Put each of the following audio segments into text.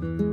Thank you.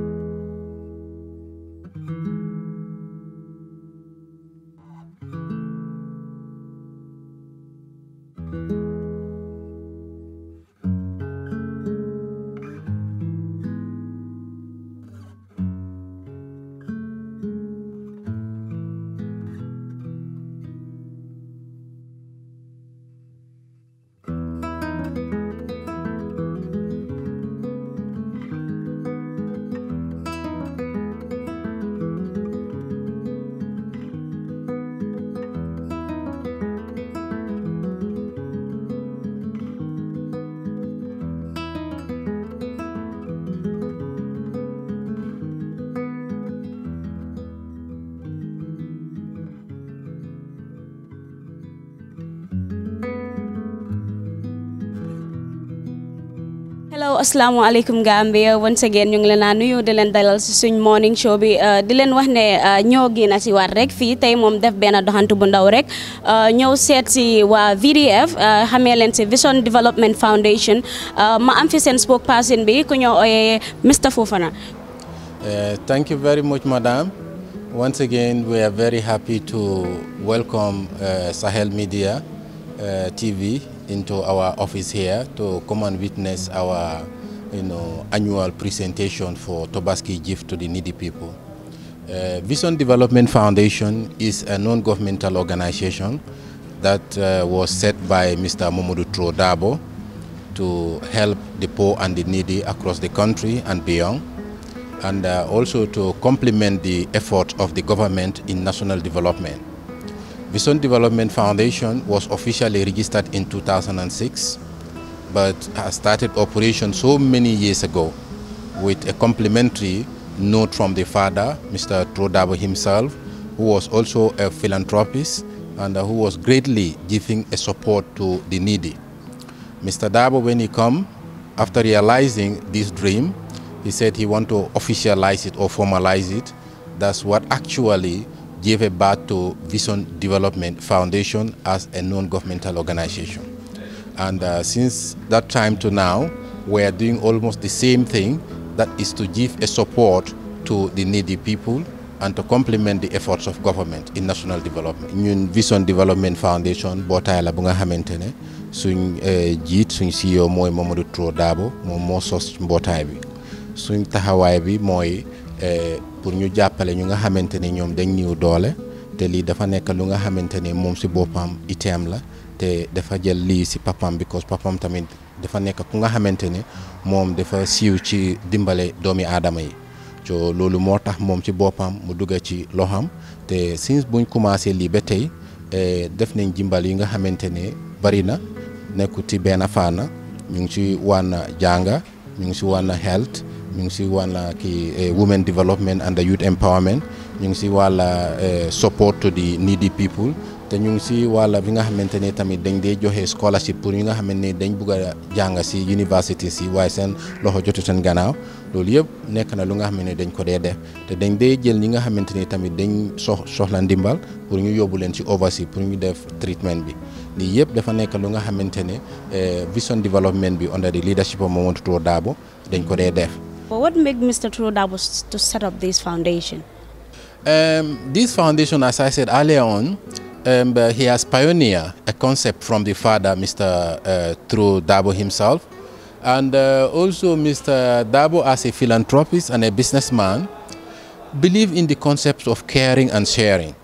nga Gambia once again ñu ngi leen a nuyu di leen dalal si suñ morning show bi uh, di leen wax ne uh, ñoo génn si waat rek fii tey moom def benn doxantu bu ndaw rek uh, ñëw seet si waa VDF xamee leen si Vision Development Foundation ma am fi seen spokesperson bi ku ñoo ooyee Mr Fofana. thank you very much madam once again we are you know, annual presentation for Tobaski gift to the needy people. Uh, Vision Development Foundation is a non-governmental organization that uh, was set by Mr. Momodu Trodabo to help the poor and the needy across the country and beyond, and uh, also to complement the effort of the government in national development. Vision Development Foundation was officially registered in 2006 but I started operation so many years ago with a complimentary note from the father, Mr. Trodabo himself, who was also a philanthropist and uh, who was greatly giving a support to the needy. Mr. Dabo, when he come, after realizing this dream, he said he want to officialize it or formalize it. That's what actually gave a birth to Vision Development Foundation as a non-governmental organization. And uh, since that time to now, we are doing almost the same thing, that is to give a support to the needy people and to complement the efforts of government in national development. ñun Vision Development Foundation mbootaay la bu nga xamante ne suñ eh, jiit suñ CEO mooy Mamadou Touré Dabo moom moo sos mbootaay bi suñ taxawaay bi mooy eh, pour ñu jàppale ñu nga xamante ne ñoom dañ ñëw doole te lii dafa nekk lu nga xamante ne moom si boppam itam la te dafa jël lii si papam because papam tamit dafa nekk ku nga xamante ne moom dafa siiw ci dimbale doomi aadama yi so loolu moo tax moom ci boppam mu dugg ci loxam te since buñ commencé lii ba tey eh, def nañ jimbal yi nga xamante ne bari na nekku ci benn faana ñu ngi ci wànna jànga ñu ngi si wànna health ñu ngi si wànna kii eh, women development and youth empowerment ñu ngi si wàlla eh, support di needy people te ñu ngi si wàlla bi nga xamante ne tamit dañ dee joxe scholarship pour ñi nga xamante ne dañ bugg jàng si université si waaye seen loxo jotu seen gannaaw loolu yëpp nekk na lu nga xam ne dañ ko dee def te dañ dee jël ñi nga xamante ne tamit dañ sox soxla ndimbal pour ñu yóbbu leen si overseas pour ñu def treatment bi lii yëpp dafa nekk lu nga xamante ne eh, vision development bi under the leadership of Momodou Touré Darboe ko dee def. What made Mr. Touré Darboe to set up this Um, this foundation, as I said earlier on, um, he has pioneered a concept from the father, Mr. Uh, Dabo himself. And uh, also Mr. Dabo, as a philanthropist and a businessman, believe in the concept of caring and sharing.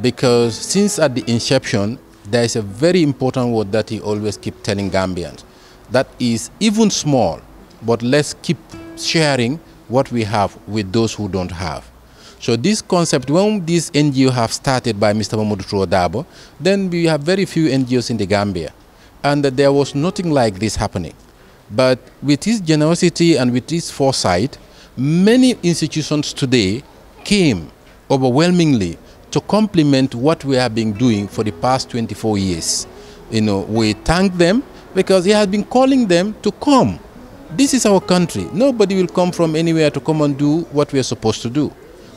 Because since at the inception, there is a very important word that he always keep telling Gambians. That is even small, but let's keep sharing what we have with those who don't have. So this concept, when this NGO have started by Mr. Mamoudou Dabo, then we have very few NGOs in the Gambia. And there was nothing like this happening. But with his generosity and with his foresight, many institutions today came overwhelmingly to complement what we have been doing for the past 24 years. You know, we thank them because he has been calling them to come. This is our country. Nobody will come from anywhere to come and do what we are supposed to do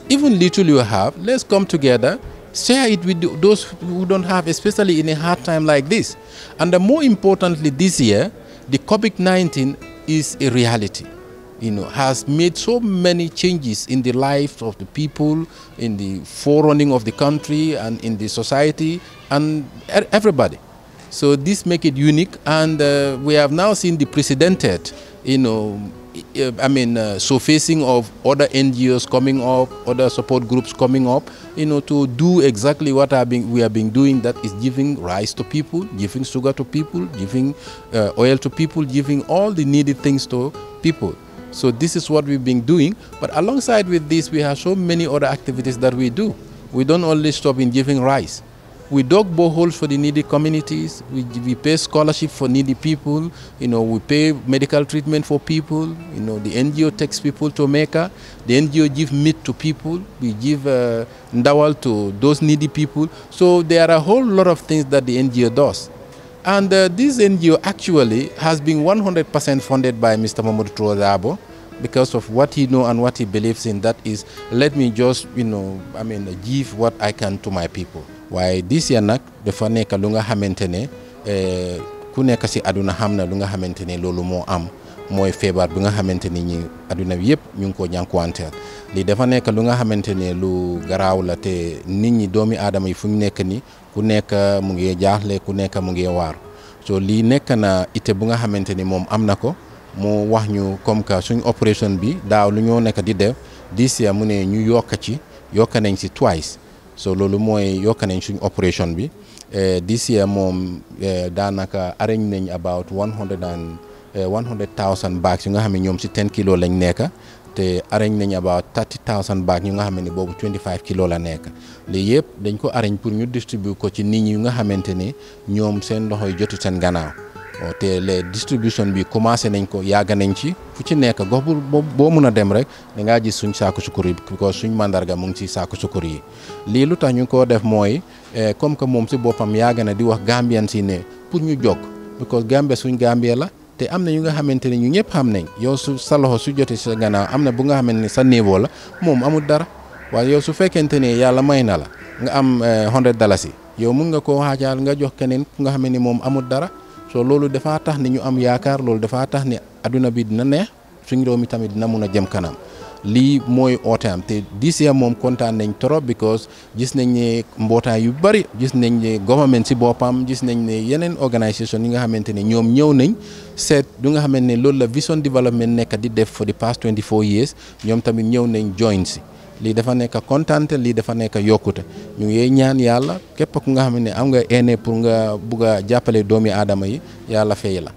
even little you have, let's come together, share it with those who don't have, especially in a hard time like this. And more importantly, this year, the COVID-19 is a reality. You know, has made so many changes in the lives of the people, in the forerunning of the country, and in the society, and everybody. So this make it unique, and uh, we have now seen the precedented, you know, I mean, uh, surfacing of other NGOs coming up, other support groups coming up, you know, to do exactly what are being, we have been doing, that is giving rice to people, giving sugar to people, giving uh, oil to people, giving all the needed things to people. So this is what we've been doing. But alongside with this, we have so many other activities that we do. We don't only stop in giving rice we dug boreholes for the needy communities. We, we pay scholarship for needy people. You know, we pay medical treatment for people. You know, the NGO takes people to Mecca. The NGO give meat to people. We give uh, ndawal to those needy people. So there are a whole lot of things that the NGO does. And uh, this NGO actually has been 100% funded by Mr. Mamoud Tuwadabo because of what he know and what he believes in that is let me just you know i mean give what i can to my people waaye diis ya nag dafa nekk lu nga xamante ne eh, ku nekk si àdduna xam na lu nga xamante ne loolu moo am mooy feebar bi nga xamante ni ñi àdduna bi yëpp ñu ngi ko jànkuwanteel lii dafa nekk lu nga xamante ne lu garaaw la te nit ñi doomi adama yi fu ñu nekk ni ku nekk mu ngi jaaxle ku nekk mu ngi waar so lii nekk na ite bu nga xamante ni moom am na ko mu wax ñu comme que suñu opération bi daaw lu ñoo nekk di def diis ya mu ne ñu yokk ci yokk nañ si twice so loolu mooy yokk nañ suñ opération bi eh, this year moom eh, daanaka arrange nañ about one hundred and eh, one hundred thousand bags yu nga xam ne ñoom si ten kilo lañ nekk te arrange nañ about thirty thousand bags yu nga xam ne boobu twenty five kilo la nekk lii yëpp dañ ko arrange pour ñu distribuer ko ci nit ñi yu nga xamante ni ñoom seen loxo yi jotu seen gannaaw. Euh, te les distribution bi commencé nañ ko yàgg nañ ci fu ci nekk gox bu boo mën a dem rek dangaa ji suñ saako sukkur yi ko suñ mandarga mu ngi ci saako sukkur yi lii lu tax ñu koo def mooy eh, comme que moom si boppam yàgg na di wax Gambien si ne pour ñu jóg because Gambie suñ Gambie la te am na ñu nga xamante ne ñu ñëpp xam nañ yow su sa loxo su jotee sa gannaaw am na bu nga xamante ne sa niveau la moom amul dara waaye yow su fekkente ne yàlla may na la nga am 100 eh, dalasi yow mun nga koo xaajaal nga jox keneen ku nga xam ne moom amul dara. soo loolu dafaa tax ni ñu am yaakaar loolu dafaa tax ni adduna bi dina neex suñ réew mi tamit dina mun a jëm kanam lii mooy ooteem te this year moom kontaan nañ trop because gis nañ ne mbootaay yu bëri gis nañ ne government si boppam gis nañ ne yeneen organisation yi nga xamante ne ñoom ñëw nañ seet du nga xamante ne loolu la vision development nekk di def for the past 24 years ñoom tamit ñëw nañ join si li dafa nekk contente li dafa nekk yokkute ñu ngi ñaan yàlla képp ku nga xam ne am nga ene pour nga bugg a jàppale doomi aadama yi yàlla fay la.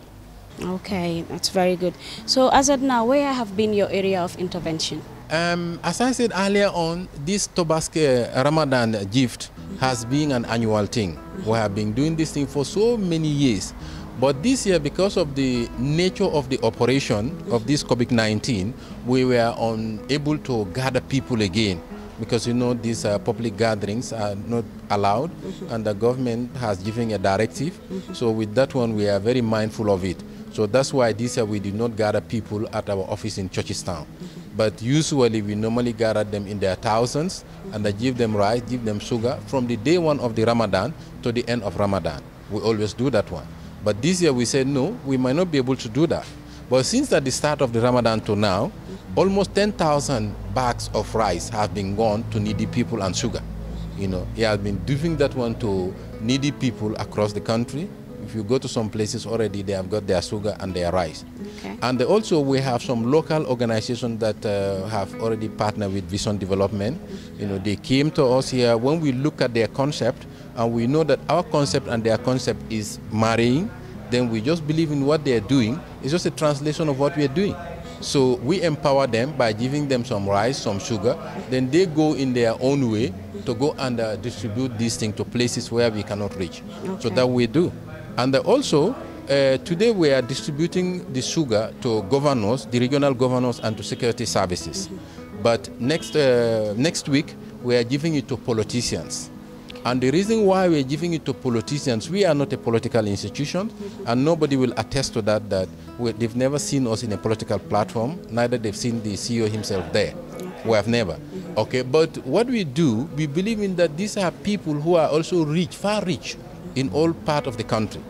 Okay, that's very good. So as of now, where have been your area of intervention? Um, as I said earlier on, this Tobaske Ramadan gift has been an annual thing. We have been doing this thing for so many years. But this year, because of the nature of the operation of this COVID-19, we were unable to gather people again because you know these uh, public gatherings are not allowed mm -hmm. and the government has given a directive. Mm -hmm. So with that one, we are very mindful of it. So that's why this year we did not gather people at our office in Churchistown. Mm -hmm. But usually we normally gather them in their thousands and I give them rice, give them sugar from the day one of the Ramadan to the end of Ramadan. We always do that one. But this year we said, no, we might not be able to do that. But since at the start of the Ramadan to now, almost 10,000 bags of rice have been gone to needy people and sugar. You know, he has been giving that one to needy people across the country. If you go to some places already, they have got their sugar and their rice. Okay. And also we have some local organizations that uh, have already partnered with Vision Development. You know, they came to us here. When we look at their concept, and we know that our concept and their concept is marrying, then we just believe in what they're doing. It's just a translation of what we're doing. So we empower them by giving them some rice, some sugar. Then they go in their own way to go and uh, distribute this thing to places where we cannot reach. Okay. So that we do. And uh, also, uh, today we are distributing the sugar to governors, the regional governors, and to security services. Mm -hmm. But next, uh, next week, we are giving it to politicians. And the reason why we're giving it to politicians, we are not a political institution, and nobody will attest to that, that we, they've never seen us in a political platform, neither they've seen the CEO himself there. We have never. Okay, but what we do, we believe in that these are people who are also rich, far rich, in all part of the country.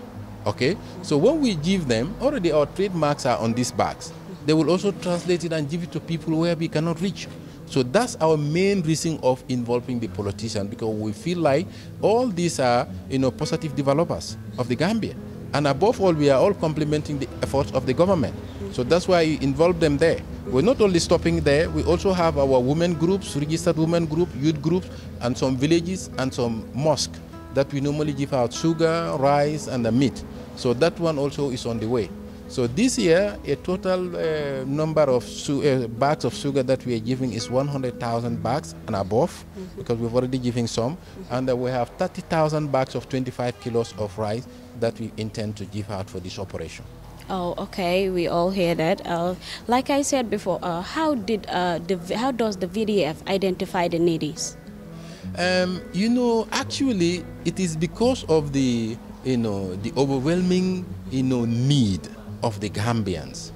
Okay, so when we give them, already our trademarks are on these bags. They will also translate it and give it to people where we cannot reach. So that's our main reason of involving the politician because we feel like all these are you know, positive developers of the Gambia. And above all, we are all complementing the efforts of the government. So that's why we involve them there. We're not only stopping there, we also have our women groups, registered women group, youth groups, and some villages and some mosques that we normally give out sugar, rice, and the meat. So that one also is on the way. So this year, a total uh, number of uh, bags of sugar that we are giving is 100,000 bags and above, mm -hmm. because we've already given some, mm -hmm. and uh, we have 30,000 bags of 25 kilos of rice that we intend to give out for this operation. Oh, okay. We all hear that. Uh, like I said before, uh, how did uh, the how does the VDF identify the needies? Um, you know, actually, it is because of the you know the overwhelming you know need of the Gambians.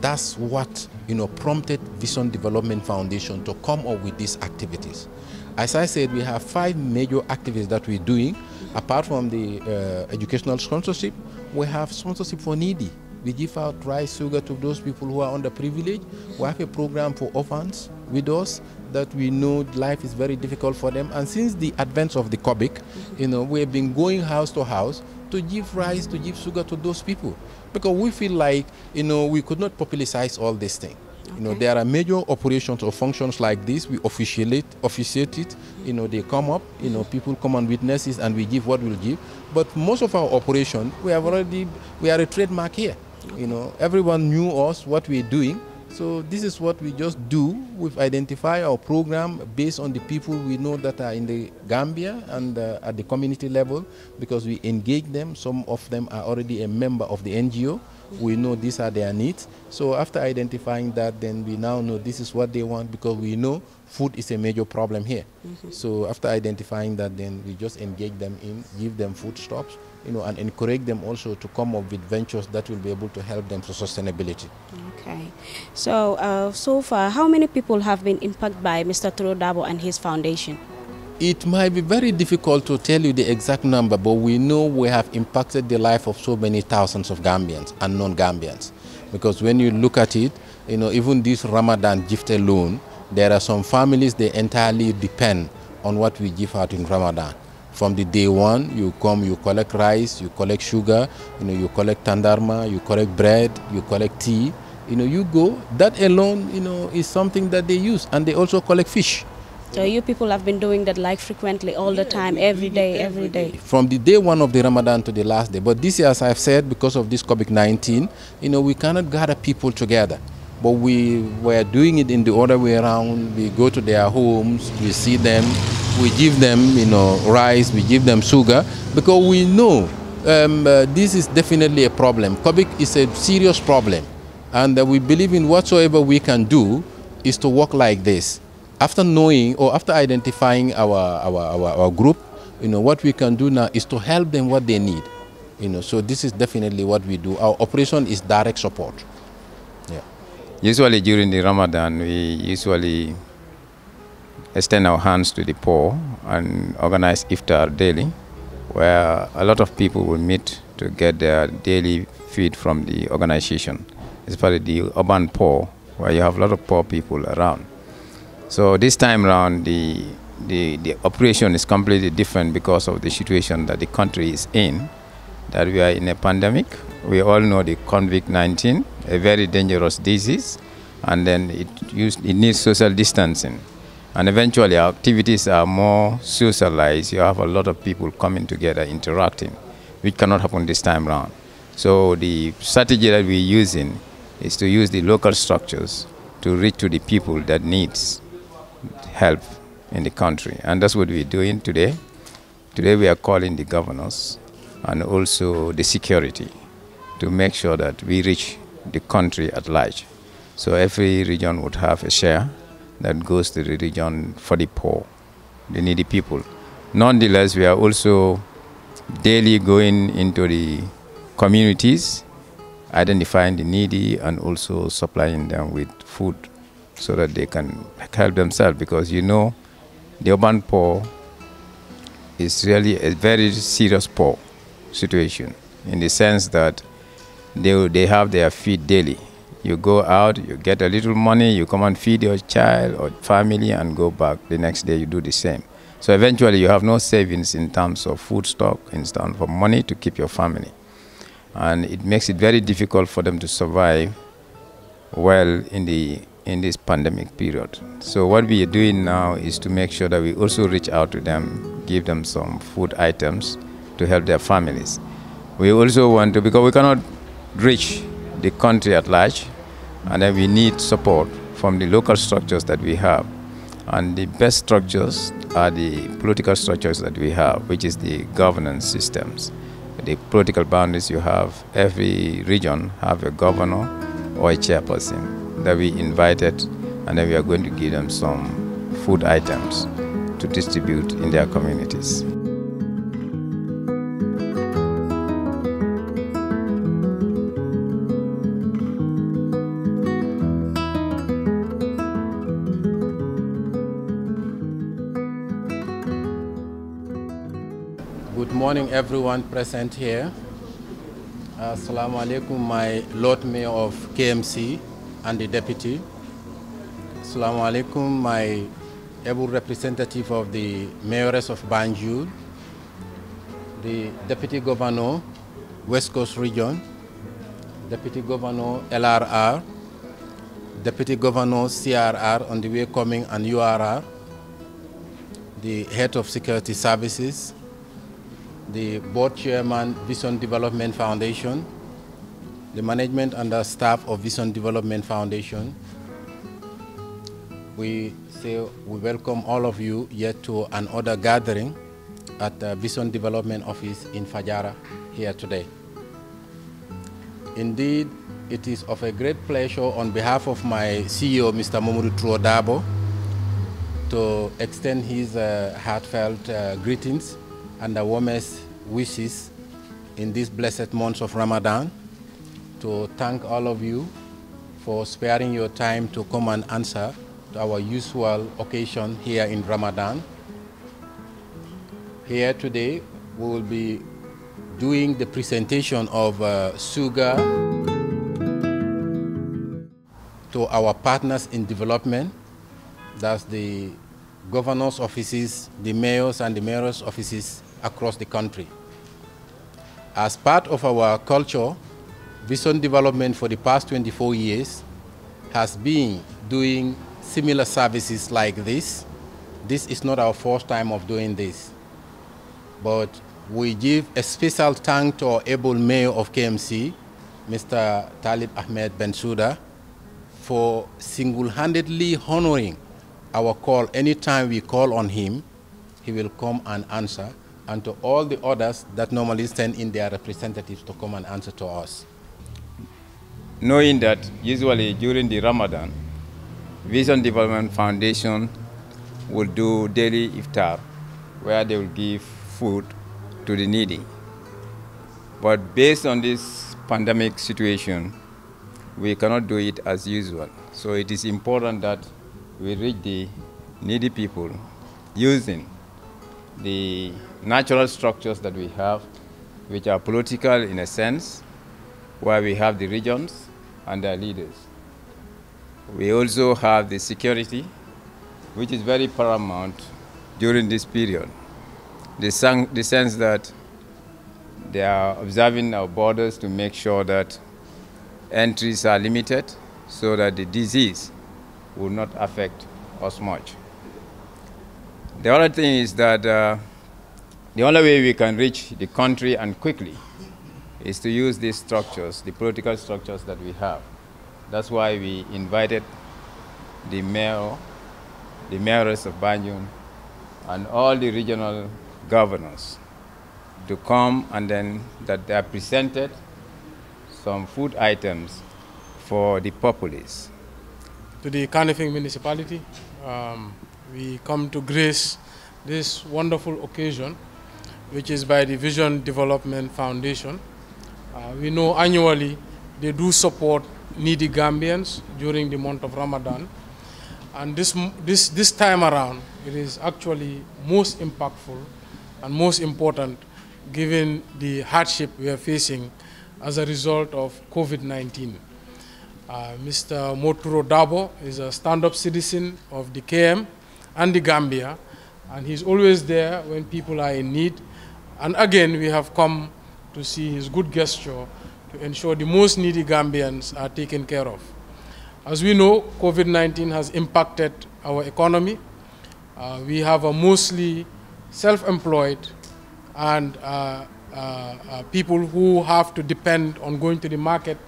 That's what you know prompted Vision Development Foundation to come up with these activities. As I said, we have five major activities that we're doing. Apart from the uh, educational sponsorship, we have sponsorship for needy. We give out rice sugar to those people who are underprivileged. We have a program for orphans, widows that we know life is very difficult for them. And since the advent of the COBIC, you know, we have been going house to house to give rice, to give sugar to those people. Because we feel like, you know, we could not publicize all this thing. Okay. You know, there are major operations or functions like this. We officiate, officiate it. You know, they come up. You know, people come and witnesses, and we give what we'll give. But most of our operation, we have already, we are a trademark here. You know, everyone knew us, what we're doing so this is what we just do. We've identified our program based on the people we know that are in the Gambia and uh, at the community level because we engage them. Some of them are already a member of the NGO we know these are their needs. So after identifying that, then we now know this is what they want because we know food is a major problem here. Mm -hmm. So after identifying that, then we just engage them in, give them food stops, you know, and encourage them also to come up with ventures that will be able to help them for sustainability. Okay. So, uh, so far, how many people have been impacted by Mr. Dabo and his foundation? It might be very difficult to tell you the exact number, but we know we have impacted the life of so many thousands of Gambians and non-Gambians. Because when you look at it, you know, even this Ramadan gift alone, there are some families, they entirely depend on what we give out in Ramadan. From the day one, you come, you collect rice, you collect sugar, you know, you collect tandarma, you collect bread, you collect tea. You know, you go, that alone, you know, is something that they use. And they also collect fish. So you people have been doing that like frequently all the time, every day, every day. From the day one of the Ramadan to the last day. But this year, as I've said, because of this COVID-19, you know, we cannot gather people together. But we were doing it in the other way around. We go to their homes, we see them, we give them, you know, rice, we give them sugar, because we know um, uh, this is definitely a problem. COVID is a serious problem. And uh, we believe in whatsoever we can do is to work like this after knowing or after identifying our, our, our, our group, you know, what we can do now is to help them what they need. You know, so this is definitely what we do. Our operation is direct support. Yeah. Usually during the Ramadan, we usually extend our hands to the poor and organize iftar daily, where a lot of people will meet to get their daily feed from the organization, especially the urban poor, where you have a lot of poor people around. So this time around, the, the, the operation is completely different because of the situation that the country is in, that we are in a pandemic. We all know the COVID-19, a very dangerous disease, and then it, used, it needs social distancing. And eventually our activities are more socialized. You have a lot of people coming together, interacting, which cannot happen this time around. So the strategy that we're using is to use the local structures to reach to the people that needs help in the country. And that's what we're doing today. Today we are calling the governors and also the security to make sure that we reach the country at large. So every region would have a share that goes to the region for the poor, the needy people. Nonetheless, we are also daily going into the communities, identifying the needy and also supplying them with food so that they can help themselves because you know the urban poor is really a very serious poor situation in the sense that they, they have their feed daily. You go out, you get a little money, you come and feed your child or family and go back. The next day you do the same. So eventually you have no savings in terms of food stock, in terms of money to keep your family. And it makes it very difficult for them to survive well in the in this pandemic period. So what we are doing now is to make sure that we also reach out to them, give them some food items to help their families. We also want to, because we cannot reach the country at large, and then we need support from the local structures that we have. And the best structures are the political structures that we have, which is the governance systems. The political boundaries you have, every region have a governor or a chairperson that we invited, and then we are going to give them some food items to distribute in their communities. Good morning everyone present here. Assalamu alaikum, my Lord Mayor of KMC, and the deputy. Assalamu alaikum, my able representative of the mayors of Banjul, the deputy governor, West Coast region, deputy governor, LRR, deputy governor, CRR on the way coming and URR, the head of security services, the board chairman, Vision Development Foundation, the management and the staff of Vision Development Foundation. We say we welcome all of you yet to another gathering at the Vision Development Office in Fajara here today. Indeed, it is of a great pleasure on behalf of my CEO, Mr. Momuru Truodabo, to extend his uh, heartfelt uh, greetings and the warmest wishes in this blessed month of Ramadan to thank all of you for sparing your time to come and answer to our usual occasion here in Ramadan. Here today, we will be doing the presentation of uh, sugar to our partners in development. That's the governor's offices, the mayor's and the mayor's offices across the country. As part of our culture, Bison Development for the past 24 years has been doing similar services like this. This is not our first time of doing this, but we give a special thanks to our able mayor of KMC, Mr. Talib Ahmed Bensouda, for single-handedly honoring our call. Anytime we call on him, he will come and answer, and to all the others that normally send in their representatives to come and answer to us knowing that usually during the Ramadan, Vision Development Foundation will do daily iftar, where they will give food to the needy. But based on this pandemic situation, we cannot do it as usual. So it is important that we reach the needy people using the natural structures that we have, which are political in a sense, where we have the regions, and their leaders. We also have the security, which is very paramount during this period. The, sense that they are observing our borders to make sure that entries are limited so that the disease will not affect us much. The other thing is that uh, the only way we can reach the country and quickly is to use these structures, the political structures that we have. That's why we invited the mayor, the mayors of Banjul, and all the regional governors to come and then that they are presented some food items for the populace. To the Kanifing municipality, um, we come to grace this wonderful occasion, which is by the Vision Development Foundation, uh, we know annually they do support needy Gambians during the month of Ramadan. And this, this, this time around, it is actually most impactful and most important given the hardship we are facing as a result of COVID-19. Uh, Mr. Moturo Dabo is a stand-up citizen of the KM and the Gambia, and he's always there when people are in need. And again, we have come to see his good gesture to ensure the most needy Gambians are taken care of. As we know, COVID-19 has impacted our economy. Uh, we have a mostly self-employed and uh, uh, uh, people who have to depend on going to the market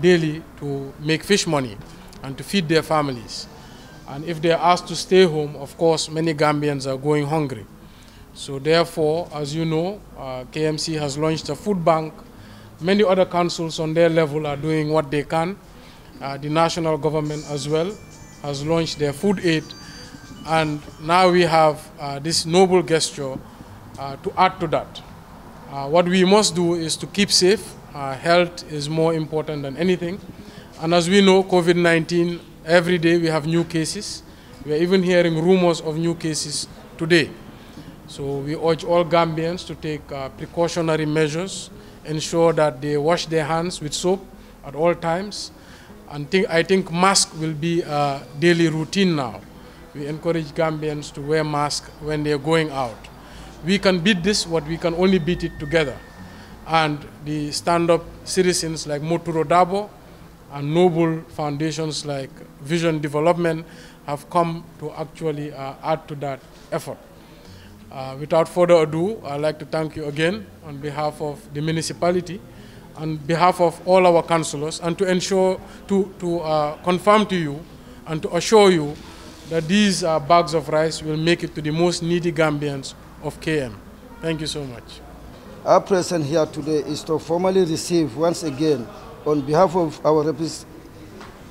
daily to make fish money and to feed their families. And if they are asked to stay home, of course, many Gambians are going hungry. So therefore, as you know, uh, KMC has launched a food bank. Many other councils on their level are doing what they can. Uh, the national government as well has launched their food aid. And now we have uh, this noble gesture uh, to add to that. Uh, what we must do is to keep safe. Uh, health is more important than anything. And as we know, COVID-19, every day we have new cases. We are even hearing rumors of new cases today. So we urge all Gambians to take uh, precautionary measures, ensure that they wash their hands with soap at all times. And th I think mask will be a daily routine now. We encourage Gambians to wear masks when they're going out. We can beat this, but we can only beat it together. And the stand-up citizens like Moturo Dabo and noble foundations like Vision Development have come to actually uh, add to that effort. Uh, without further ado, I'd like to thank you again on behalf of the municipality, on behalf of all our councillors, and to ensure, to, to uh, confirm to you and to assure you that these uh, bags of rice will make it to the most needy Gambians of KM. Thank you so much. Our presence here today is to formally receive once again, on behalf of our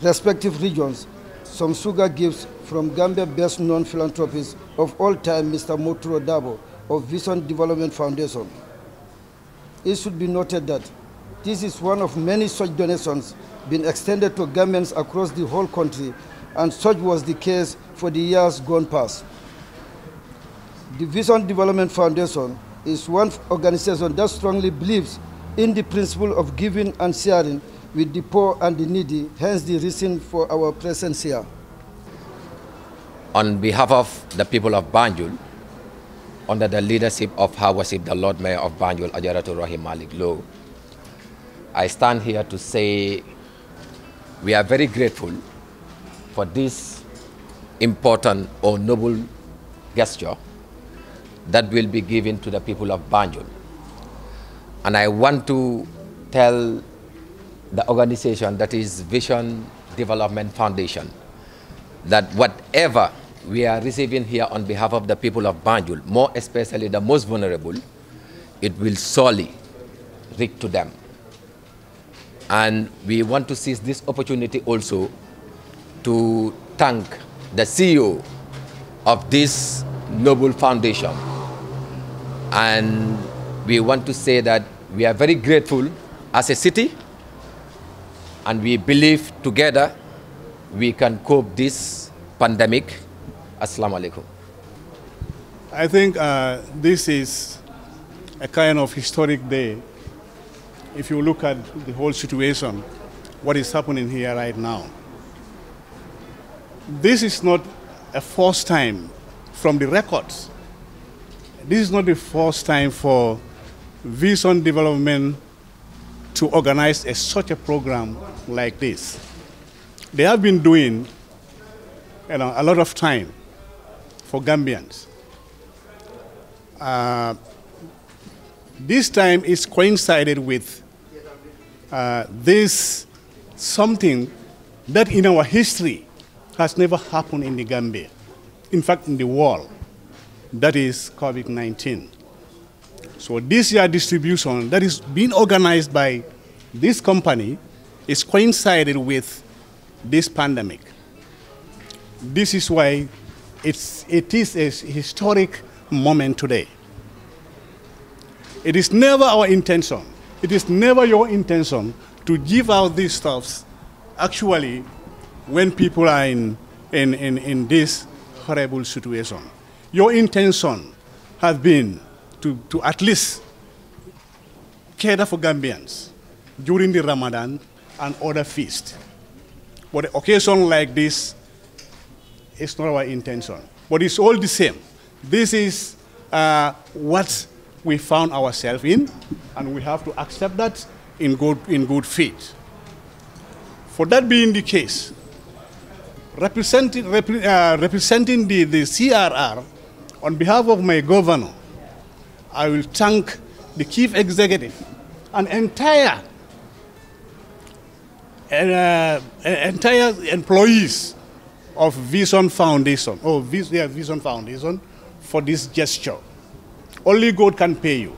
respective regions, some sugar gifts from gambia best-known philanthropist of all time, Mr. Moturo Dabo of Vision Development Foundation. It should be noted that this is one of many such donations being extended to governments across the whole country, and such was the case for the years gone past. The Vision Development Foundation is one organization that strongly believes in the principle of giving and sharing with the poor and the needy, hence the reason for our presence here on behalf of the people of Banjul, under the leadership of Her Worship the Lord Mayor of Banjul, Ajaratul Rahim Malik Low, I stand here to say we are very grateful for this important or noble gesture that will be given to the people of Banjul. And I want to tell the organization that is Vision Development Foundation that whatever we are receiving here on behalf of the people of Banjul, more especially the most vulnerable, it will surely reach to them. And we want to seize this opportunity also to thank the CEO of this noble foundation. And we want to say that we are very grateful as a city and we believe together we can cope this pandemic Assalamu alaikum. I think uh, this is a kind of historic day. If you look at the whole situation, what is happening here right now. This is not a first time from the records. This is not the first time for Vision Development to organize a, such a program like this. They have been doing you know, a lot of time for Gambians. Uh, this time is coincided with uh, this something that in our history has never happened in the Gambia, in fact, in the world, that is COVID 19. So, this year distribution that is being organized by this company is coincided with this pandemic. This is why it's, it is a historic moment today. It is never our intention, it is never your intention to give out these stuffs actually when people are in, in, in, in this horrible situation. Your intention has been to, to at least cater for Gambians during the Ramadan and other feasts. But occasion like this it's not our intention. But it's all the same. This is uh, what we found ourselves in, and we have to accept that in good, in good faith. For that being the case, representing, rep uh, representing the, the CRR, on behalf of my governor, I will thank the chief executive and entire, uh, entire employees of Vision Foundation. Oh, Vis yeah, Vision Foundation for this gesture. Only God can pay you.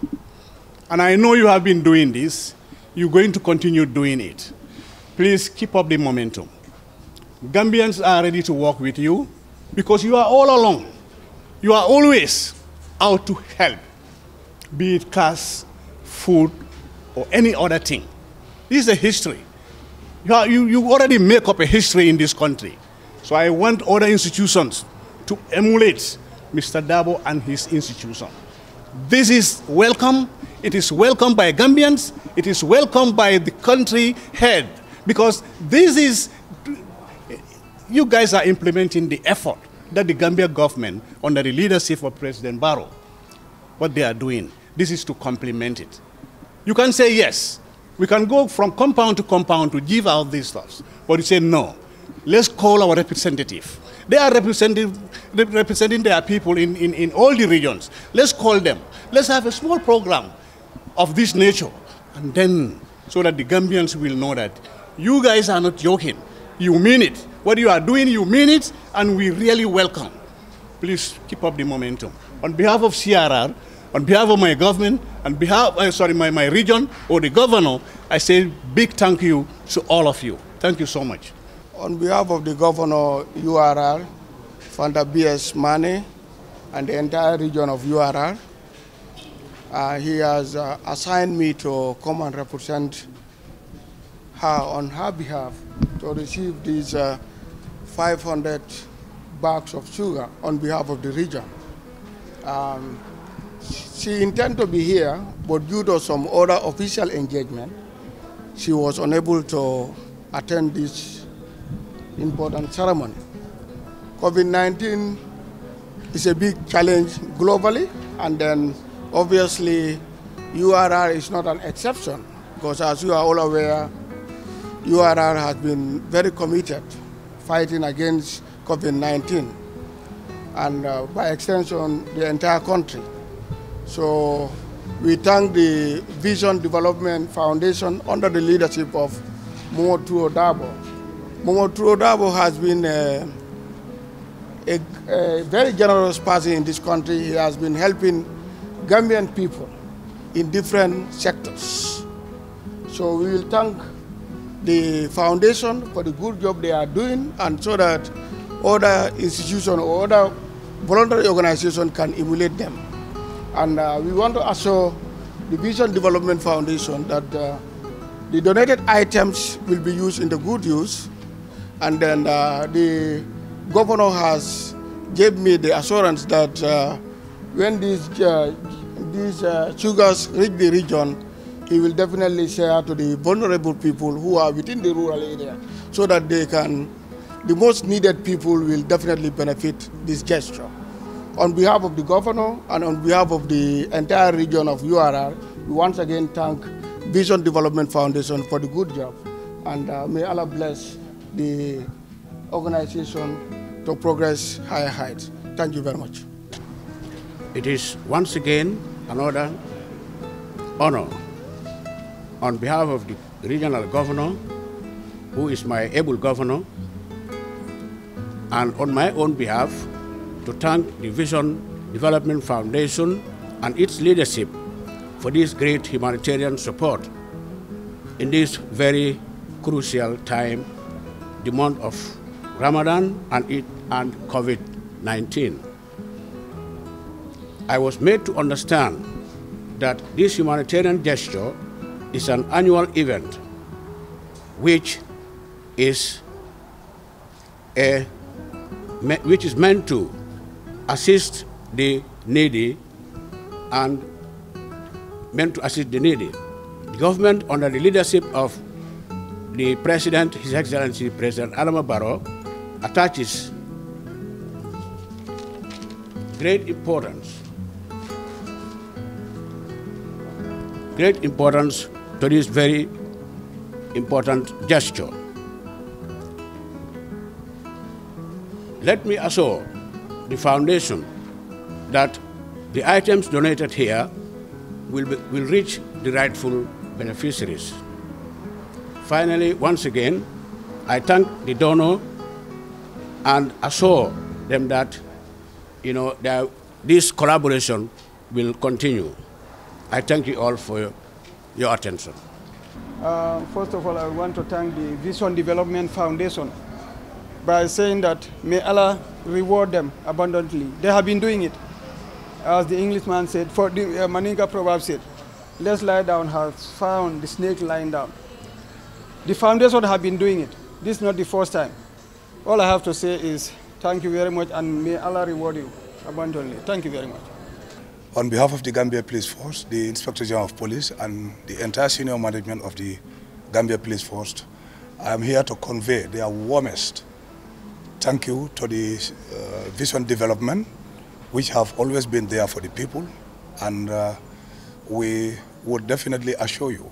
And I know you have been doing this. You're going to continue doing it. Please keep up the momentum. Gambians are ready to work with you because you are all along. You are always out to help, be it cars, food, or any other thing. This is a history. You, are, you, you already make up a history in this country. So I want other institutions to emulate Mr. Dabo and his institution. This is welcome. It is welcome by Gambians. It is welcome by the country head because this is, you guys are implementing the effort that the Gambia government, under the leadership of President Barrow, what they are doing. This is to complement it. You can say yes. We can go from compound to compound to give out these stuffs. But you say no let's call our representative. They are representing, representing their people in, in, in all the regions. Let's call them. Let's have a small program of this nature. And then, so that the Gambians will know that you guys are not joking. You mean it. What you are doing, you mean it, and we really welcome. Please keep up the momentum. On behalf of CRR, on behalf of my government, on behalf, uh, sorry, my, my region or the governor, I say big thank you to all of you. Thank you so much. On behalf of the governor URL, Founder BS Mane, and the entire region of URL, uh, he has uh, assigned me to come and represent her on her behalf to receive these uh, 500 bags of sugar on behalf of the region. Um, she intended to be here, but due to some other official engagement, she was unable to attend this important ceremony. COVID-19 is a big challenge globally, and then obviously URR is not an exception because as you are all aware, URR has been very committed fighting against COVID-19 and uh, by extension the entire country. So we thank the Vision Development Foundation under the leadership of Motu Dabo. Momoturo Dabo has been a, uh, a, a very generous person in this country. He has been helping Gambian people in different sectors. So we will thank the foundation for the good job they are doing and so that other institutions or other voluntary organizations can emulate them. And uh, we want to assure the Vision Development Foundation that uh, the donated items will be used in the good use and then uh, the governor has gave me the assurance that uh, when these, uh, these uh, sugars reach the region, he will definitely share to the vulnerable people who are within the rural area so that they can, the most needed people will definitely benefit this gesture. On behalf of the governor and on behalf of the entire region of URR, we once again thank Vision Development Foundation for the good job. And uh, may Allah bless the organization to progress higher heights. Thank you very much. It is once again another honor on behalf of the regional governor, who is my able governor, and on my own behalf to thank the Vision Development Foundation and its leadership for this great humanitarian support in this very crucial time the month of Ramadan and, it, and COVID 19. I was made to understand that this humanitarian gesture is an annual event which is, a, which is meant to assist the needy and meant to assist the needy. The government, under the leadership of the President, His Excellency President Adama Barrow, attaches great importance, great importance to this very important gesture. Let me assure the foundation that the items donated here will, be, will reach the rightful beneficiaries. Finally, once again, I thank the donor and assure them that you know that this collaboration will continue. I thank you all for your attention. Uh, first of all, I want to thank the Vision Development Foundation by saying that may Allah reward them abundantly. They have been doing it, as the Englishman said, for the uh, Maninka proverb said, let's lie down has found the snake lying down. The foundation have been doing it. This is not the first time. All I have to say is thank you very much and may Allah reward you abundantly. Thank you very much. On behalf of the Gambia Police Force, the Inspector General of Police and the entire senior management of the Gambia Police Force, I am here to convey their warmest thank you to the uh, Vision Development, which have always been there for the people. And uh, we would definitely assure you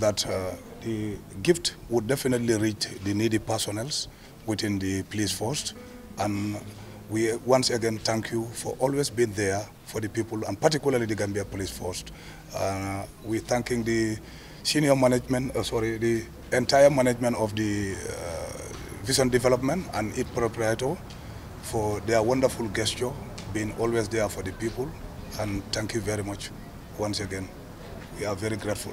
that uh, the gift would definitely reach the needy personnels within the police force. And we once again thank you for always being there for the people and particularly the Gambia Police Force. Uh, we're thanking the senior management, uh, sorry, the entire management of the uh, Vision Development and its proprietor for their wonderful gesture, being always there for the people. And thank you very much once again. We are very grateful.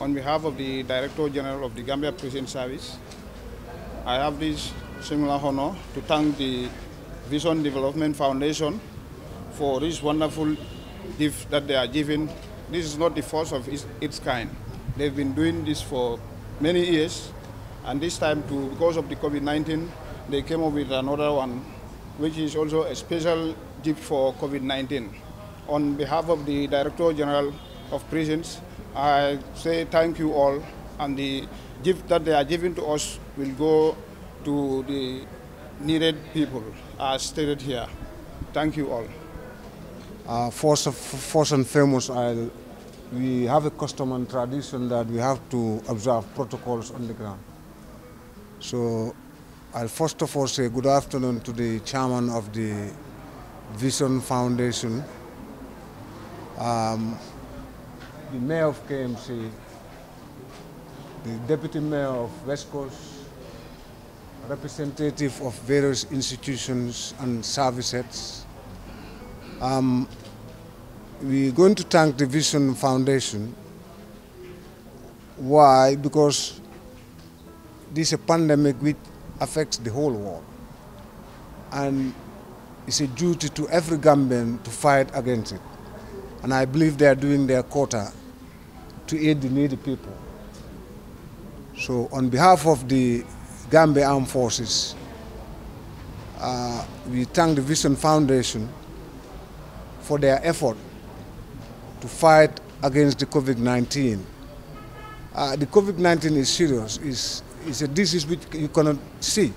On behalf of the Director General of the Gambia Prison Service, I have this similar honor to thank the Vision Development Foundation for this wonderful gift that they are giving. This is not the first of its, kind. They've been doing this for many years, and this time too, because of the COVID-19, they came up with another one, which is also a special gift for COVID-19. On behalf of the Director General of Prisons, I say thank you all, and the gift that they are giving to us will go to the needed people as stated here. Thank you all. Uh, first, first and foremost, I'll, we have a custom and tradition that we have to observe protocols on the ground. So I'll first of all say good afternoon to the chairman of the Vision Foundation. Um, the mayor of KMC, the deputy mayor of West Coast, representative of various institutions and services. Um, we're going to thank the Vision Foundation. Why? Because this is a pandemic which affects the whole world. And it's a duty to every Gambian to fight against it. And I believe they are doing their quota to aid the needy people. So on behalf of the Gambia Armed Forces, uh, we thank the Vision Foundation for their effort to fight against the COVID-19. Uh, the COVID-19 is serious. It's, it's a disease which you cannot see.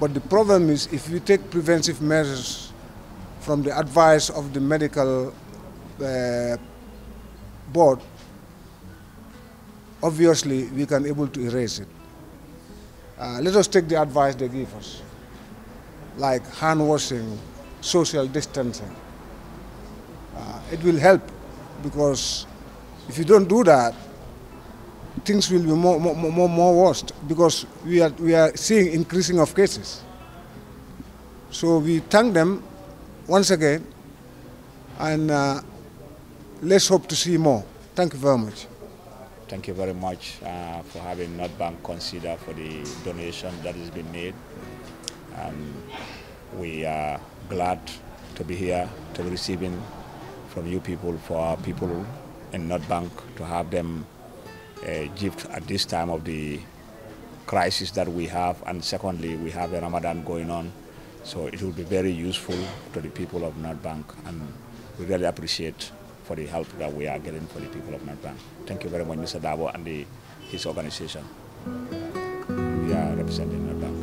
But the problem is if you take preventive measures from the advice of the medical uh, board, obviously we can able to erase it. Uh, let us take the advice they give us, like hand washing, social distancing. Uh, it will help because if you don't do that, things will be more, more, more, more worse because we are, we are seeing increasing of cases. So we thank them once again and uh, let's hope to see more. Thank you very much. Thank you very much uh, for having Northbank consider for the donation that has been made. we are glad to be here, to be receiving from you people, for our people in Northbank, to have them uh, gift at this time of the crisis that we have. And secondly, we have the Ramadan going on. So it will be very useful to the people of Northbank. And we really appreciate for the help that we are getting for the people of North Bank. Thank you very much, Mr. Dabo and the, his organization. We are representing North Bank.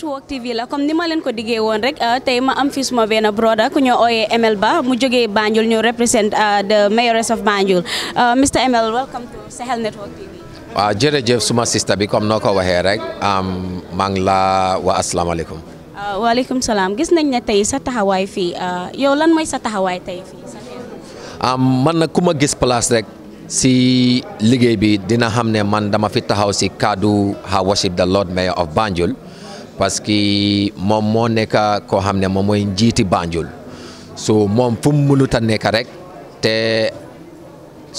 artwork TV la comme ni ma leen ko diggee woon rek euh, tey ma am fi suma benn broda ku ñoo ooyee ML Bah mu jógee Banjul ñu represent euh, the mayoress of Banjul euh, Mr ML welcome to Sahel Network TV. waaw jërëjëf suma sista bi comme noo ko waxee rek maa ngi la wa asalaamaaleykum. waaleykum salaam gis nañ ne tey sa taxawaay fii yow lan mooy sa taxawaay tey fii. man nag ku ma gis place rek si liggéey bi dina xam ne man dama fi taxaw si kaddu how worship the Lord parce que moom moo nekk koo xam ne moom mooy njiiti Banjul so moom fu mu a nekk rek te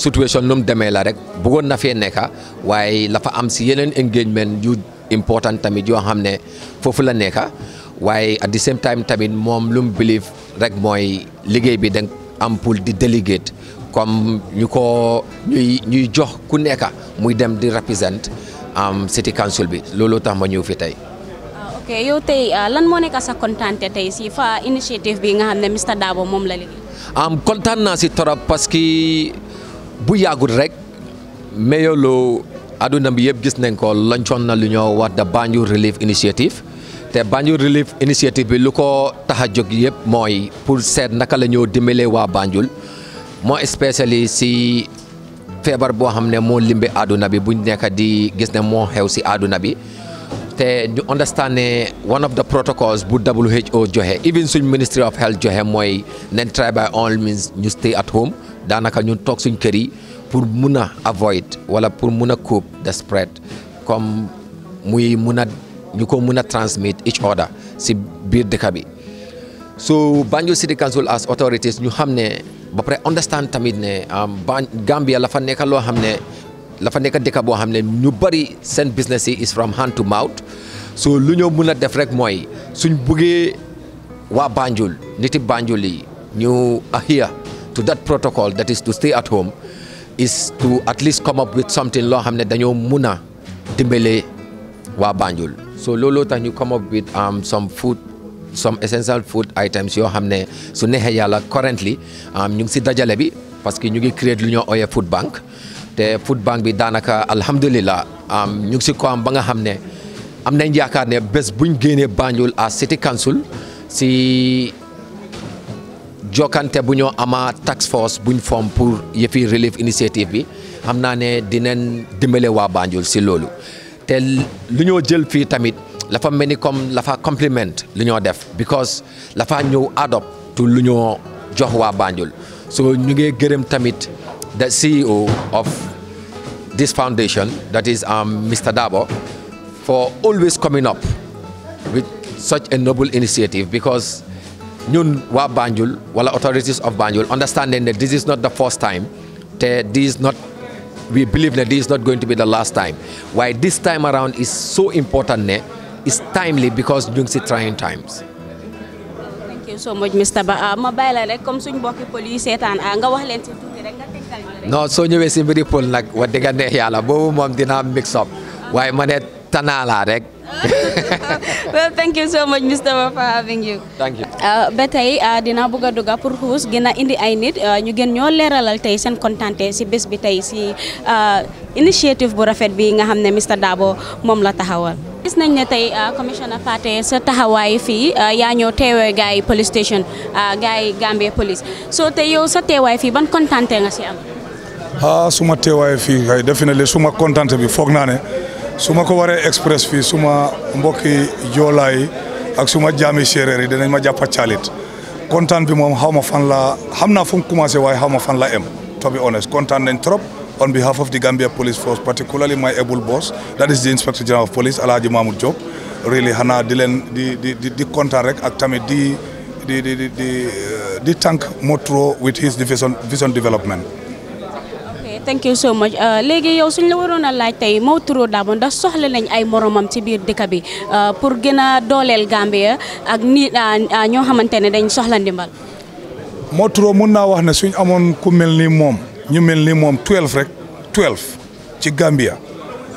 situation nu mu demee la rek bëggoon na fee nekk waaye lafa am si yeneen engagement yu important tamit yoo xam ne foofu la nekk waaye at the same time tamit moom lu mu believe rek mooy liggéey bi danga am pour di delegate comme ñu ko ñuy jox ku nekk muy dem di represent am um, city council bi loolu tax ma ñëw fi tey. yow tey ah, lan moo nekka sa kontaante tey si fa initiative bi nga xam ne Mr Darboe moom la liggéey. am kontaan naa si torop parce que bu yàggut rek mayor loo adduna bi yëpp gis nañ ko lancoon na lu ñoo wax da Banjul Relief Initiative te Banjul Relief Initiative bi lu ko tax a jóg yëpp mooy pour seet naka la ñoo dimbalee waa Banjul moo spécialisé si feebar boo xam ne moo limbe adduna bi buñ nekk di gis ne moo xew si adduna bi. te ñu understand né one of the protocols bu WHO joxé even suñ ministry of health joxé moy nen try by all means ñu stay at home daanaka ñun tok suñ kër yi pour mëna avoid wala pour mëna a cope the spread comme muy mëna a ñu ko mun transmit each other ci biir dëkk bi so Banjul City Council as authorities ñu xamné ba pare understand tamit ne Gambia la fa nekk lo xamné dafa nekk dëkk boo xam ne ñu bëri seen business yi is from hand to mouth so lu ñoo mun a def rek mooy suñ buggee waa Banjul niti Banjul yi ñu adhere to that protocol that is to stay at home is to at least come up with something loo xam ne dañoo mun a dimbale waa Banjul so looloo tax ñu come up with um, some food some essential food items yoo xam ne su neexee yàlla currently um, ñu ngi si dajale bi parce que ñu ngi créer lu ñoo ooyee food bank te food bi daanaka alhamdulilah ñu ngi si ko am ba nga xam ne am nañ yaakaar ne bés buñ génnee Banjul à city council si jokkante bu ñoo ama task force buñ form pour yëfi relief initiative bi xam naa ne dinañ dimbale waa Banjul si loolu te lu ñoo jël fii tamit lafa mel ni comme lafa compliment lu ñoo def because lafa ñëw adopt tu lu ñoo jox waa Banjul so ñu ngi gërëm tamit the CEO of this foundation, that is um, Mr. Dabo, for always coming up with such a noble initiative because ñun wa Banjul wala authorities of Banjul understanding that this is not the first time this is not we believe that this is not going to be the last time why this time around is so important ne timely because during ngi trying times thank you so much Mr. Ba ah, ma bàyyi la come soon suñ mbokki pël yi ah, nga non soo ñëwee si mbiri pël nag wax dëgg neex yàlla boobu moom dina am mix up waaye ma ne tanaa laa rek. well thank you so much Mustapha uh, ba tey uh, dina bëgg a dugg pour xuus gën a indi ay nit uh, ñu gën ñoo leeralal tey seen kontante si bés bi tey si initiative bu rafet bi nga xam ne Mr Dabo moom la taxawal. gis nañ ne tey euh, sa taxawaay fii euh, yaa ñëw teewee gars yi police station euh, gars yi Gambia police soo tey yow sa teewaay fii ban kontante nga si am. ah suma teewaay fii definitely suma kontante bi foog naa ne suma ko waree express fii suma mbokki joolaa yi ak suma jaami séeréer yi dinañ ma jàpp caalit kontaan bi moom xaw ma fan la xam naa fu commencé waaye xaw ma fan la em to honest kontaan nañ trop. on behalf of the Gambia Police Force, particularly my able boss, that is the Inspector General of Police, Alhaji Mahmoud Job, really xanaa di leen di di di kontaan rek ak tamit di di di di di eh, Motro with his vision vision development. ok thank you so much euh, léegi yow suñ la waroon a laaj tey Motro Darboe ndax soxla nañ ay moromam ci biir dëkk bi euh, pour gën a dooleel Gambia ak ni ñoo xamante ne dañ soxla ndimbal. Motro mun naa wax ne suñ amoon ku mel ni moom. You mean 12 rek 12 ci Gambia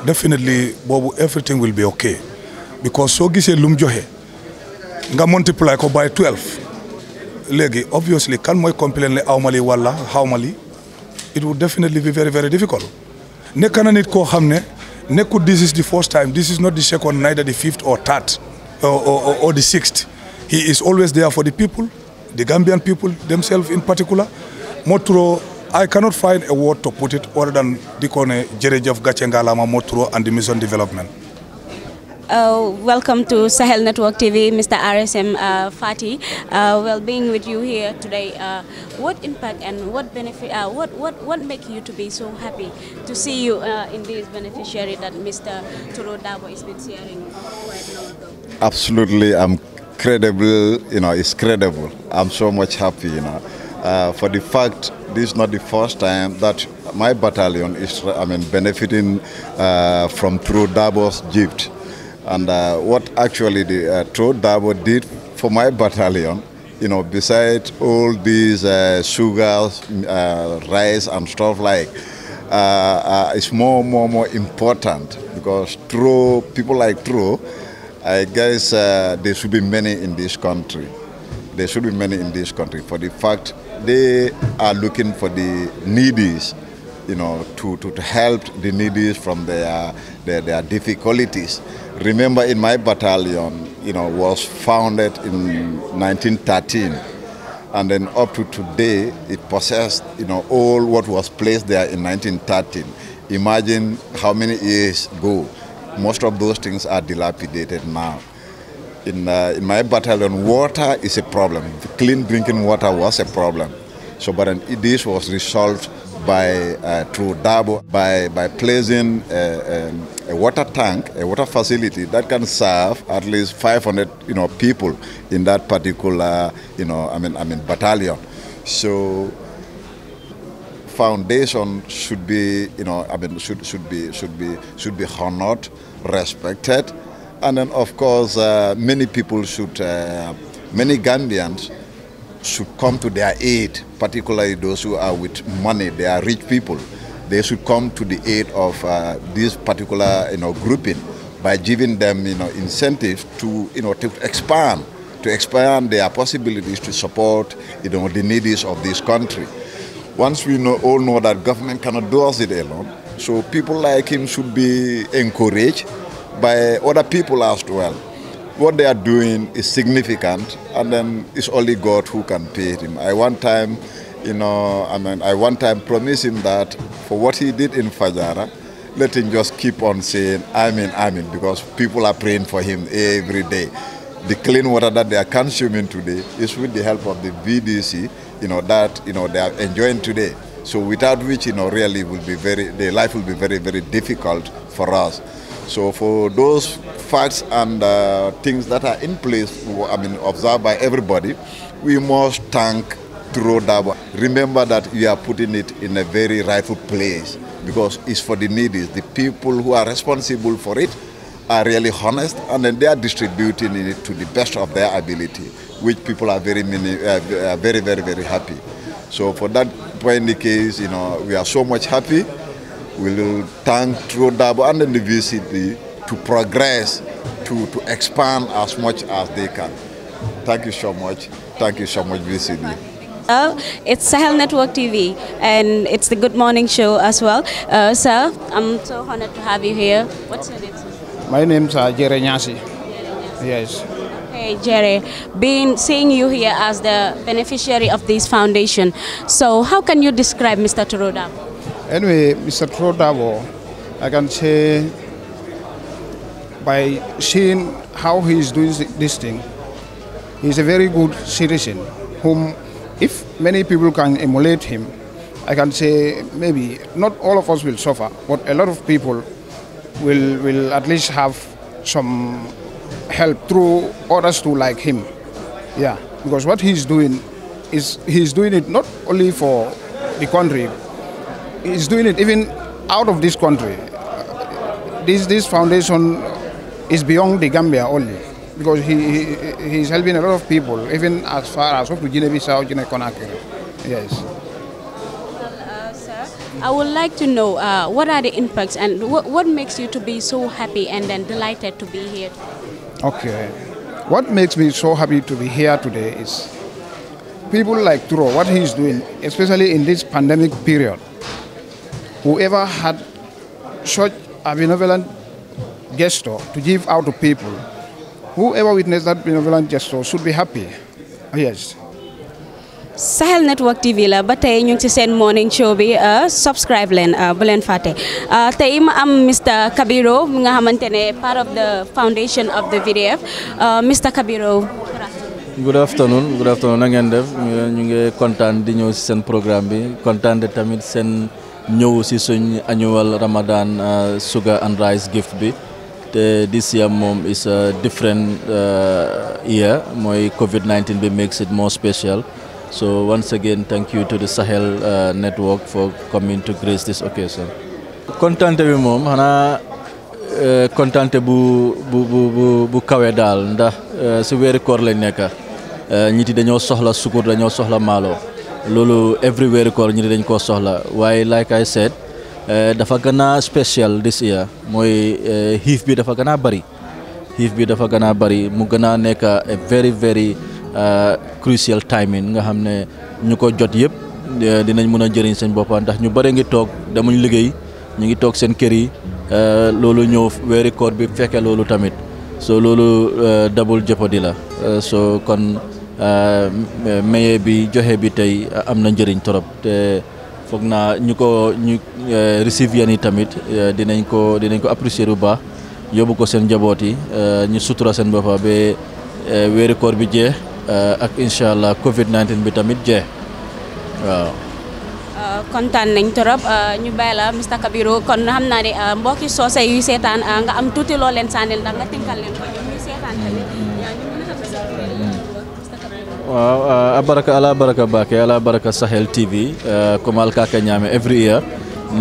definitely everything will be okay because so gisee lu mu joxe nga multiply ko by 12 Legi, obviously kan mooy complain ne aw ma wala it would definitely be very very difficult nekana na nit koo ne this is the first time this is not the second neither the fifth or third or, or the sixth he is always there for the people the Gambian people themselves in particular Motro. I cannot find a word to put it other than Dikone Jerejef Gachengalama Motro and the mission development. Uh, welcome to Sahel Network TV, Mr. RSM uh, Fati. Uh, well, being with you here today, uh, what impact and what benefit, uh, what, what, what makes you to be so happy to see you uh, in this beneficiary that Mr. Turo Dabo has been sharing quite Absolutely, I'm credible, you know, it's credible. I'm so much happy, you know, for the fact this is not the first time that my battalion is I mean, benefiting uh, from True Dabo's gift. And uh, what actually the uh, True Dabo did for my battalion, you know, besides all these uh, sugars, mm, uh, rice and stuff like, uh, uh, it's more, more, more important because True, people like True, I guess there should be many in this country. There should be many in this country for the fact they are looking for the needies, you know, to, to, to help the needies from their, their, their difficulties. Remember in my battalion, you know, was founded in 1913 and then up to today it possessed you know all what was placed there in 1913 imagine how many years ago most of those things are dilapidated now in, uh, in my battalion, water is a problem. The clean drinking water was a problem. So, but this was resolved by uh, through DABO by, by placing a, a, a, water tank, a water facility that can serve at least 500 you know people in that particular you know I mean I mean battalion. So foundation should be you know I mean should should be should be should be honored, respected. And then, of course, uh, many people should, uh, many Gambians should come to their aid, particularly those who are with money, they are rich people. They should come to the aid of uh, this particular you know, grouping by giving them you know, incentives to, you know, to expand, to expand their possibilities to support you know, the needs of this country. Once we know, all know that government cannot do us it alone, so people like him should be encouraged by other people as well. What they are doing is significant, and then it's only God who can pay him. I one time, you know, I mean, I one time promised him that for what he did in Fajara, let him just keep on saying, Amen, Amen, because people are praying for him every day. The clean water that they are consuming today is with the help of the VDC, you know, that, you know, they are enjoying today. So without which, you know, really will be very, their life will be very, very difficult for us. So for those facts and uh, things that are in place, I mean, observed by everybody, we must thank through Daba. Remember that you are putting it in a very rightful place because it's for the needy. The people who are responsible for it are really honest and then they are distributing it to the best of their ability, which people are very, many, uh, uh very, very, very happy. So for that point in the case, you know, we are so much happy. We will thank through Dabo and the university to progress, to, to expand as much as they can. Thank you so much. Thank you so much, VCD. Uh, it's Sahel Network TV and it's the Good Morning Show as well. Uh, sir, I'm so honored to have you here. What's your name, sir? My name is Jere Nyasi. Yes. Hey Jerry, been seeing you here as the beneficiary of this foundation. So how can you describe Mr. Turoda? Anyway, Mr. Trodavo, I can say by seeing how he is doing this thing, he is a very good citizen whom if many people can emulate him, I can say maybe not all of us will suffer, but a lot of people will, will at least have some help through others to like him. Yeah, because what he's doing is he's doing it not only for the country, is doing it even out of this country. This, this foundation is beyond the Gambia only because he, he he's helping a lot of people, even as far as up to Guinea-Bissau, Guinea-Conakry. Yes. Uh, I would like to know uh, what are the impacts and wh what makes you to be so happy and then delighted to be here? Okay. What makes me so happy to be here today is people like Turo, what he's doing, especially in this pandemic period whoever had such a benevolent gesture to give out to people, whoever witnessed that benevolent gesture should be happy. Oh, yes. Sahel Network TV la ba tey ñu ci seen morning show bi uh, subscribe leen uh, bu leen fàtte uh, tey ma am Mr Kabiro mi nga xamante part of the foundation of the VDF Mr Kabiro. good afternoon good afternoon na ngeen def ñu ngi kontaan di ñëw si seen programme bi kontaan tamit seen. ñëw si suñ annual Ramadan uh, sugar and rice gift bi te this year moom is a different uh, year mooy COVID-19 bi makes it more special so once again thank you to the Sahel uh, network for coming to grace this occasion. kontante bi moom xanaa kontante bu bu bu bu kawe daal ndax si weeri koor lañ nekk ñit yi dañoo soxla sukur dañoo soxla maalo. loolu every weeru koor ñu ne dañ koo soxla waaye like I said eh, dafa gën a spécial this year mooy eh, xiif bi dafa gën a bari xiif bi dafa gën bari mu gën a nekk a very very eh, crucial timing nga xam ne ñu ko jot yëpp dinañ mën a jëriñ seen boppam ndax ñu bare ngi toog demuñ liggéey ñu ngi toog seen kër yi loolu ñëw weeri koor bi fekke loolu tamit so loolu double jeopardy la so kon Euh, maye bi joxe bi tey am na njëriñ trop te foog naa ñu ko ñu euh, receive yeen yi tamit euh, dinañ ko dinañ ko apprécier bu baax yóbbu ko seen njaboot yi ñu sutura seen boppa ba weeri koor bi jeex ak incha allah Covid 19 bi tamit jeex waaw. kontaan nañ torop ñu bàyyi la Mr Kabirou kon xam naa ne mbokki soose yu seetaan nga am tuuti loo leen sànnil ndax nga tënkal leen waaw euh, a baraka ala baraka bake ala sahel tv euh, comme al kaka ñame every year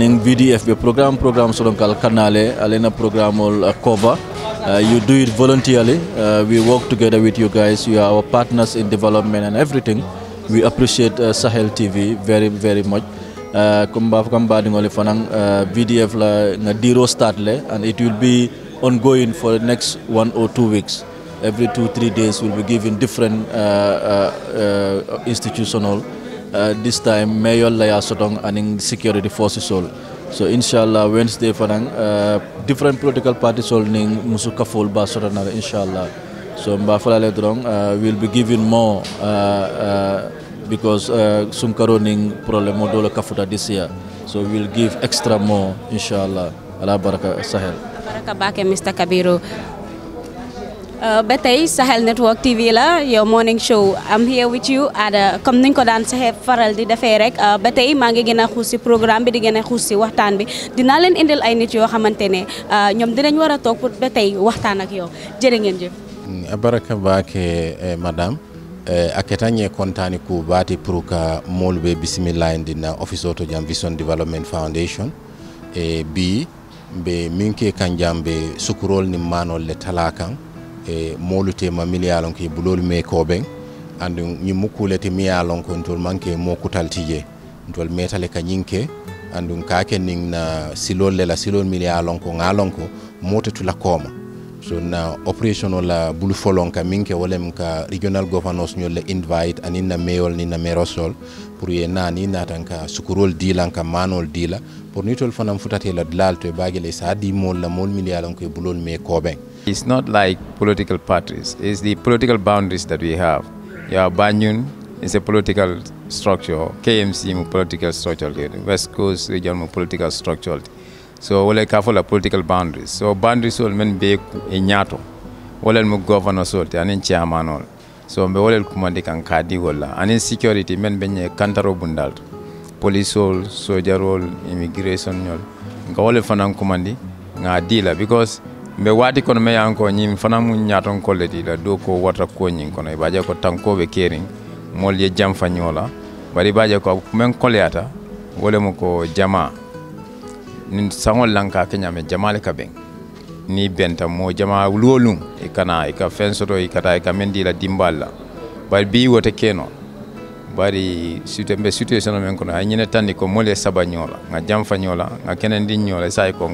ning vdf be programme programme solonkal kanale alena programme ol cover Uh, euh, you do it voluntarily. we work together with you guys. You are our partners in development and everything. We appreciate Sahel TV very, very much. Kumba kamba dingoli fanang VDF la nga diro start le and it will be ongoing for the next one or two weeks. every two, three days we'll be giving different uh, uh, uh, institutional, this time Mayor Laya Sotong and security forces all. So inshallah Wednesday fanang different political parties all ning musuka full basura inshallah. So mbafala le we'll be giving more because uh, Sumkaro ning problem kafuta this year. So we'll give extra more inshallah. Allah baraka sahel. Baraka Mr. Kabiru. Uh, betay Sahel Network TV la your morning show I'm here with you at uh, comme niñ ko dan saxee faral di defee rek uh, ba tey maa ngi gën a xuus programme bi di gën a xuus si waxtaan bi dina leen indil ay nit yoo xamante ne ñoom dinañ war a toog pour ba waxtaan ak yow jërë ngeen jëf. abaraka mm, baake eh, madame eh, aketanye kontani ku baati pour ka moolu be bisimilla en dinna office auto jam vision development foundation e eh, bi mbe minke kanjambe sukurol ni manol le tala kan e molutema milyalon ko bulol me koɓen andi ñimmu kulete miyalon ko tol manke mo kutal tije tol metale ka ñinke andum kake nin na silol lela silol milyalon ko ngalon ko motetula kooma so na operation la bulu folon ka minke wolem ka regional governance ñol le invite anin na meyol ni na merosol pour ye nani natan ka sukurol dilan ka manol dila pour nitol fanam futate la dilal to e bagele sa di mol la mol milyalon ko e bulol me ben It's not like political parties. It's the political boundaries that we have. have Banyun it's a political structure. KMC mu political structure. West Coast region political structure. So wale of political boundaries. So boundaries will mean be inyato. Wale mu governor sote anin chairman all. So mbe wale kumandi kankadi wala. Anin security men benye kantaro bundal. Police all, soldier immigration all. Nga wale fanan kumandi nga because mbe waati kono me yan ko fana mu ñaaton kolle la do ko wata ko ñin kono i e baje ko tankoɓe kerin mool ye jam fa la bari i baje ko men koleyata wole mu ko jama ni saŋol lanka keñame jamale ka ben ni benta mo jama luwolum i e kana i e ka fen soto i kata i ka men la dimbal la bari bi wote keno bari sute mbe situation men kono ay ñine tandi ko mol ye saba ñoola ŋa jam fa ñoola ŋa kenen din ñoola i ko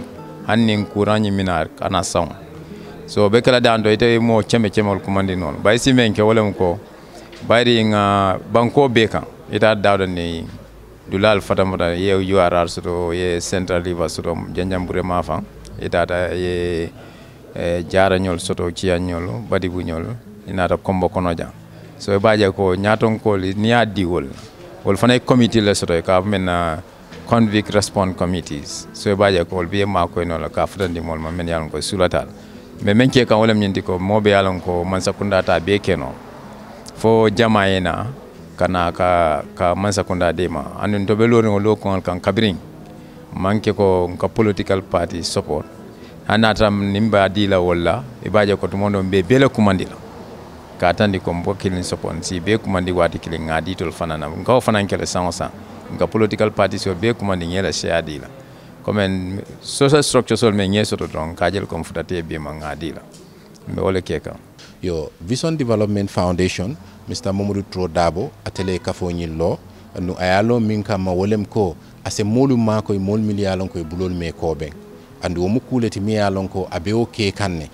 hannin kuranyi minar kana saŋo so be kala danto ite mo ceme cemol kumandi noon bay si men ke wolem ko bayri ŋa banko bee kaŋ ita dawda ni dulal fatamata ye urr soto ye central river soto bure ma ita itata ye eh, ñol soto ciyañol badibuñol ta kombo kono ja so i baa je ko ñaatonkol niŋ ye a wol wol fana ye comité le soto ka men na convict response committees so baje ko be ma ko no la ka futandi mol ma men yalon ko sulatal me men ke kan wala men ko mo be yalon ko man sakunda ta be keno fo jamaena kana ka ka man sakunda de ma anun to be lo lo kon kan kabrin manke ko ka political party support anatam nimba dila wala ibaje e ko to mondo be bele kumandila katandi ko mbo kilin support si be kumandi wati kilin ngadi tol fanana ngaw fanan kele sango nka political parties yo bee kuma niŋ ye la seya dii la comme social structuresol me ŋe soto doroŋ ka jel comme futata ye bima ŋa dii la mbe wo le ke kaŋ yo vision development foundation mr mamadou tro dabo atele kafoñin lo nu a ye lo miŋ kamma wo lem ko ase moolu maakoy moolu minnu ye a loŋ ko ye buloolu mee koo beŋ wo mu kuuleti miŋ ye a loŋ ko a be wo kee kaŋ ne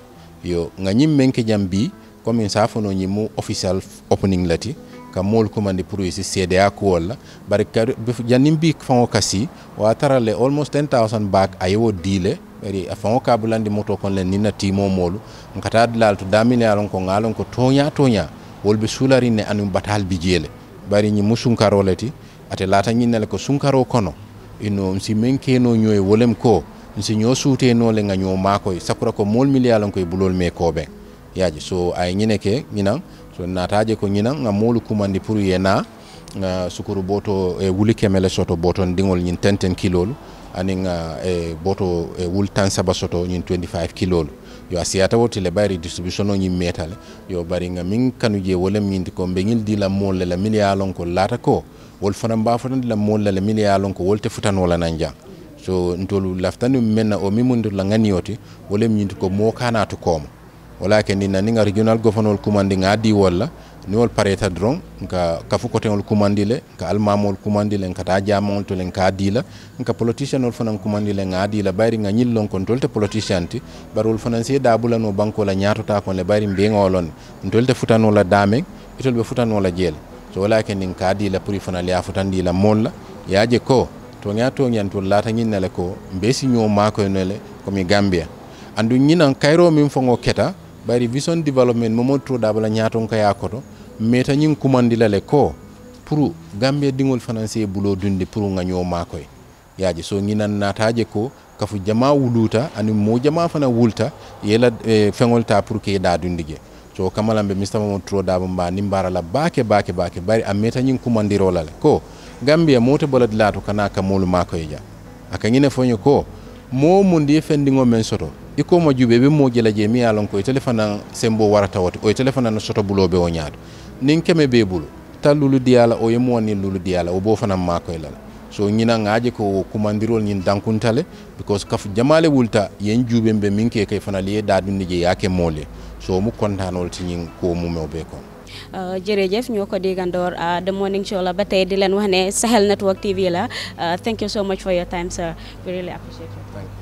yo ŋa ñiŋ meŋ ke jaŋ bii comme sa fono ñiŋ mu official opening lati ti ka moolu commandi pour isi cda kuwol la bari jannin bi faŋo kasi wa tarale tara le almost 10000 bak a yewo dii le bari a faŋo ka bulandi moto kon le niŋ na tiimo moolu nka taa dulaalu to daamine ye a ko ŋa a ko tooñaa tooñaa wolu be suulariŋ ne aniŋ bataal bi jee le bari ñiŋ mu sunkaroo le ti ate laata ñiŋ ne le ko sunkaroo kono ino nsi meŋ keenoo ñoye wolem ko nsi ñoo suuteenoo le ŋa ñoo maakoy sakura ko moolu mili ye a loŋ ko i buloolu mee yaaji so a ye ñine ke ñinaŋ so nataje ko ñinan a moolu kumandi pour yena uh, sukuru boto e eh, wuli kemele soto boto ndiŋol ñin tenten kilolu anin uh, eh, e boto e wul tan saba soto ñin 25 kilolu yo a siyata wo tile bayri distribution o ñin metale yo bari ga min kanu je wolem ñinti ko be ñil di moolu le la min ye lon ko laata ko wol fana mbafotan dila moolu le la min lon ko wol te futanola nan so ntolu laftani men na o mimundirla ŋaniyoti wolem ñinti ko mo kanatu kooma wala ke nani nga regional governor kumandi nga adi wala ni wol pareta dron nka kafu kote wol kumandi le nka almamol kumandi le nka ta jamol to le nka adi la nka politician wol fanan kumandi le nga adi la bayri nga nyillon kon tolte politician ti bar wol fanan se dabula no banko la nyaato ta kon le bayri mbe ngolon tolte futano la dame itol be futano la jeel so wala ke nin adi la puri fanal ya futandi la molla yaje ko to nya to nyan to lata ko mbesi nyo mako enele gambia andu nyinan kairo min fongo keta bari vision development momo toɗa bala ñaton ko yakoto mais tañin kumandilale ko pour gambia dingol financier bulo dundi pour gaño makoy yaaji so ginan nataje ko kafu jama wuluta ani mo jama fana wulta yela e, feŋol ta pour ke da dundi ge so kamalambe mr momo tro daba mba ni la baake baake baake bari a metañin kumandirolale ko gambia mote bolad latu kana ka molu makoye ja aka ñine foño ko mo mundi fendiŋo men soto jube be ɓe jela je mi yalon koye téléphone an sembo warata wote oye téléphone an soto be o ñaaɗo nin keme be bulo ta lulu diyala o yemo wani lulu diyala o bo fanan ma la e lala so ñina ngaji ko kumandirol ñin dankuntale because kaf jamale wulta yen juɓe be min ke kay fana liye daɗunde je yake moole so mu kontanol tiñin ko mumeo bee kono uh, jërëjëf ñoo ko diggandoor uh, the morning show la ba tey di leen wax ne Sahel Network TV la uh, thank you so much for your time sir we really appreciate you